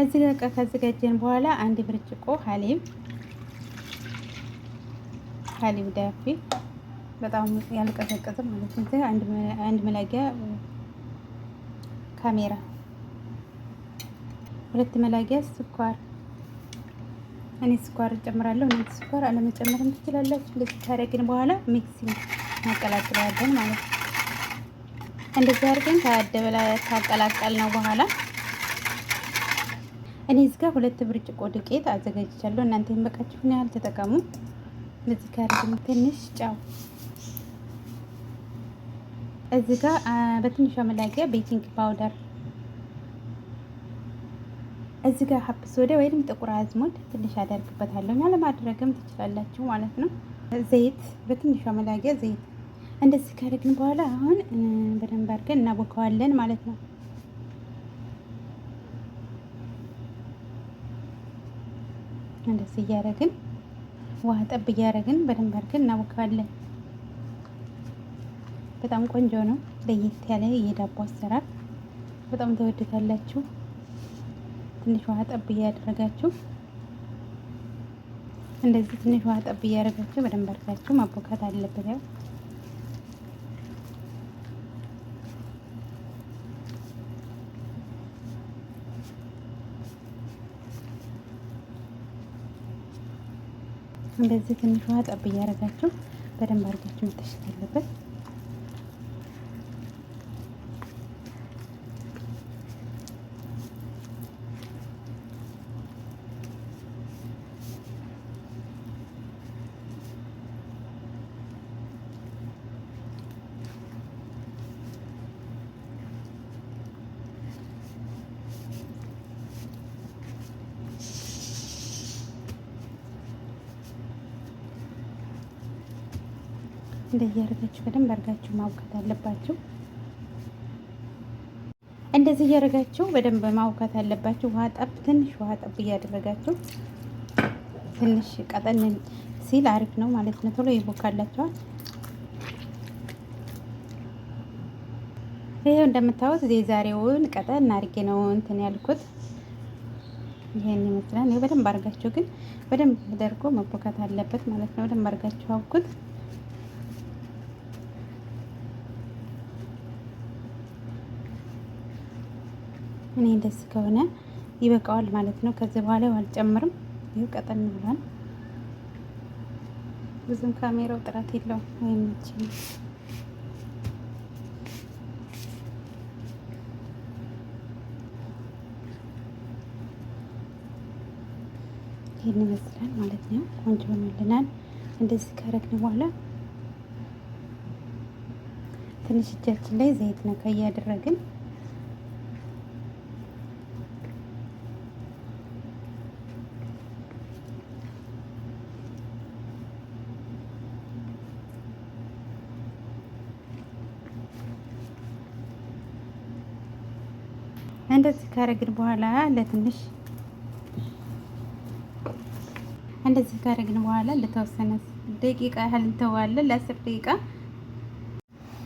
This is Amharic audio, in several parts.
እዚህ ጋር በቃ ካዘጋጀን በኋላ አንድ ብርጭቆ ሀሊብ ሀሊብ ዳፌ በጣም ያልቀዘቀዘ ማለት ነው። አንድ መላጊያ ካሜራ፣ ሁለት መላጊያ ስኳር። እኔ ስኳር እጨምራለሁ። እናንተ ስኳር አለመጨመርም ትችላላችሁ። እንደዚህ ካደረግን በኋላ ሚክሲ እናቀላቅለዋለን ማለት ነው። እንደዚህ አድርገን ካደበላ ነው በኋላ እኔ እዚህ ጋር ሁለት ብርጭቆ ዱቄት አዘጋጅቻለሁ። እናንተ የሚበቃችሁን ያህል ተጠቀሙ። እዚህ ጋር ደግሞ ትንሽ ጨው፣ እዚህ ጋር በትንሿ መላጊያ ቤኪንግ ፓውደር፣ እዚህ ጋር ሀብ ሶዳ ወይም ጥቁር አዝሙድ ትንሽ አደርግበታለሁ። ያለ ማድረግም ትችላላችሁ ማለት ነው። ዘይት በትንሿ መላጊያ ዘይት እንደዚህ ካደረግን በኋላ አሁን በደንብ አድርገን እናቦከዋለን ማለት ነው። እንደዚህ እያደረግን ውሃ ጠብ እያደረግን በደንብ አድርገን እናቦካዋለን። በጣም ቆንጆ ነው። ለየት ያለ የዳቦ አሰራር በጣም ተወድታላችሁ። ትንሽ ውሃ ጠብ እያደረጋችሁ እንደዚህ ትንሽ ውሃ ጠብ እያደረጋችሁ በደንብ አድርጋችሁ ማቦካት አለበት ያው እንደዚህ ውሃ ጠብ እያደረጋችሁ በደንብ አድርጋችሁ መተሸት አለበት። እንደዚህ ያደረጋችሁ በደንብ አድርጋችሁ ማውካት አለባችሁ። እንደዚህ እያደረጋችሁ በደንብ ማውካት አለባችሁ። ውሃ ጠብ ትንሽ ውሃ ጠብ እያደረጋችሁ ትንሽ ቀጠን ሲል አሪፍ ነው ማለት ነው። ቶሎ ይቦካላችኋል። ይሄው እንደምታዩት ዛሬውን ቀጠን አድርጌ ነው እንትን ያልኩት። ይሄን ይመስላል። በደንብ አድርጋችሁ ግን በደንብ ተደርጎ መቦካት አለበት ማለት ነው። በደንብ አድርጋችሁ አውኩት። እኔ ደስ ከሆነ ይበቃዋል ማለት ነው። ከዚህ በኋላ አልጨምርም። ይኸው ቀጠን ብሏል። ብዙም ካሜራው ጥራት የለውም አይመችም። ይህን ይመስላል ማለት ነው። ቆንጆ ሆኖልናል። እንደዚህ ካረግን በኋላ ትንሽ እጃችን ላይ ዘይት ነካ እያደረግን እንደዚህ ካረግን በኋላ ለትንሽ እንደዚህ ካረግን በኋላ ለተወሰነ ደቂቃ ያህል እንተዋለን። ለአስር ደቂቃ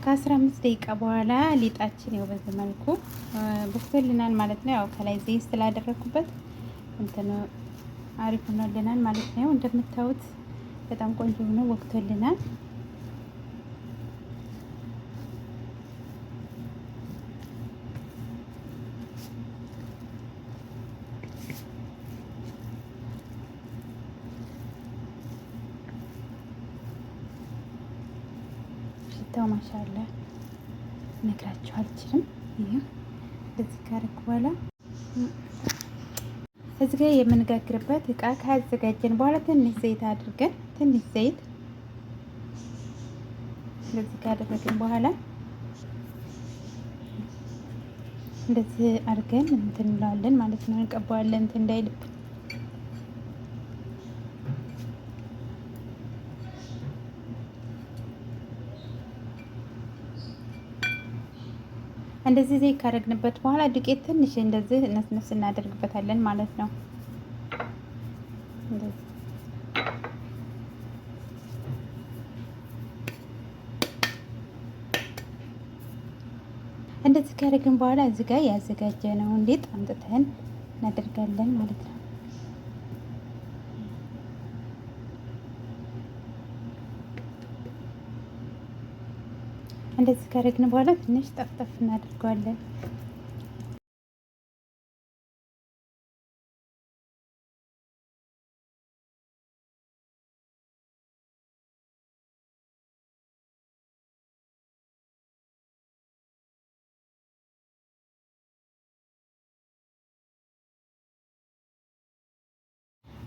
ከአስራ አምስት ደቂቃ በኋላ ሊጣችን ያው በዚህ መልኩ በስቶልናል ማለት ነው። ያው ከላይ ዘይት ስላደረኩበት እንትን አሪፍ ሆኖልናል ማለት ነው። እንደምታዩት በጣም ቆንጆ ሆኖ ወቅቶልናል። ሽታው ማሻላ ነግራችሁ አልችልም። ይህ እዚህ ካረኩ በኋላ እዚህ ጋር የምንጋግርበት እቃ ካዘጋጀን በኋላ ትንሽ ዘይት አድርገን ትንሽ ዘይት እንደዚህ ካደረግን በኋላ እንደዚህ አድርገን እንትን እንለዋለን ማለት ነው። እንቀባዋለን እንትን እንዳይልብን እንደዚህ ዘይት ካደረግንበት በኋላ ዱቄት ትንሽ እንደዚህ ነስነስ እናደርግበታለን ማለት ነው። እንደዚህ ካደረግን በኋላ እዚህ ጋር ያዘጋጀነውን ሊጥ አምጥተን እናደርጋለን ማለት ነው። እንደዚህ ካረግን በኋላ ትንሽ ጠፍጠፍ እናደርገዋለን።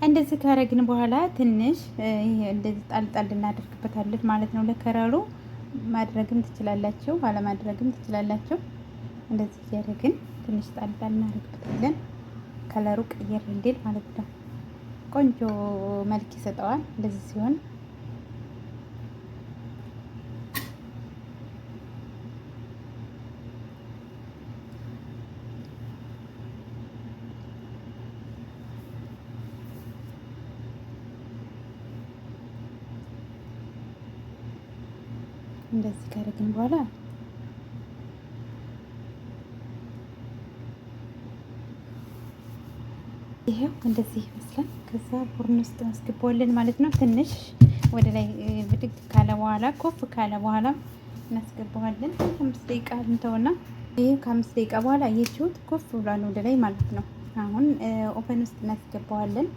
እንደዚህ ካረግን በኋላ ትንሽ እንደዚህ ጣልጣል እናደርግበታለን ማለት ነው ለከረሩ ማድረግም ትችላላችሁ፣ ኋላ አለማድረግም ትችላላችሁ። እንደዚህ እያደረግን ትንሽ ጣልጣል እናደርግበታለን። ከለሩ ቀየር እንዲል ማለት ነው። ቆንጆ መልክ ይሰጠዋል እንደዚህ ሲሆን እንደዚህ ካደረግን በኋላ ይሄው እንደዚህ ይመስላል። ከዛ ፉርን ውስጥ አስገባዋለን ማለት ነው። ትንሽ ወደ ላይ ብድግ ካለ በኋላ ኮፍ ካለ በኋላ እናስገባዋለን። አምስት ደቂቃ እንተውና ይህ ከአምስት ደቂቃ በኋላ እየችሁት ኮፍ ብሏል ወደ ላይ ማለት ነው። አሁን ኦቨን ውስጥ እናስገባዋለን።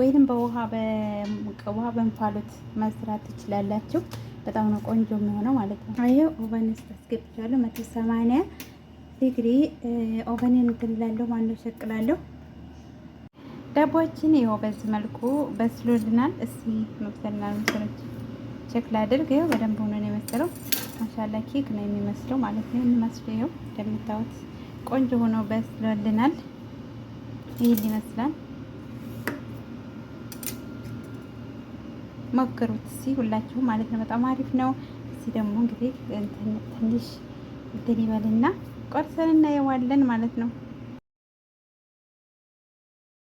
ወይንም በውሃ በውሃ ውሃ በእንፋሎት መስራት ትችላላችሁ። በጣም ነው ቆንጆ የሚሆነው ማለት ነው። ይሄው ኦቨን ውስጥ አስገብቻለሁ መቶ ሰማንያ ዲግሪ ኦቨን እንትን እላለሁ ማለት ነው፣ ሸቅላለሁ። ዳቦችን ይኸው በዚህ መልኩ በስሎልናል። እስቲ መብሰልናል መሰሎች ቼክ ላድርግ። ይኸው በደንብ ሆኖ ነው የመሰለው። ማሻላ ኬክ ነው የሚመስለው ማለት ነው የሚመስለው። ይኸው እንደምታዩት ቆንጆ ሆኖ በስሎልናል። ይህን ይመስላል። ሞክሩት እስኪ ሁላችሁ ማለት ነው። በጣም አሪፍ ነው። እስኪ ደግሞ እንግዲህ ትንሽ እንትን ይበልና ቆርሰን እናየዋለን ማለት ነው።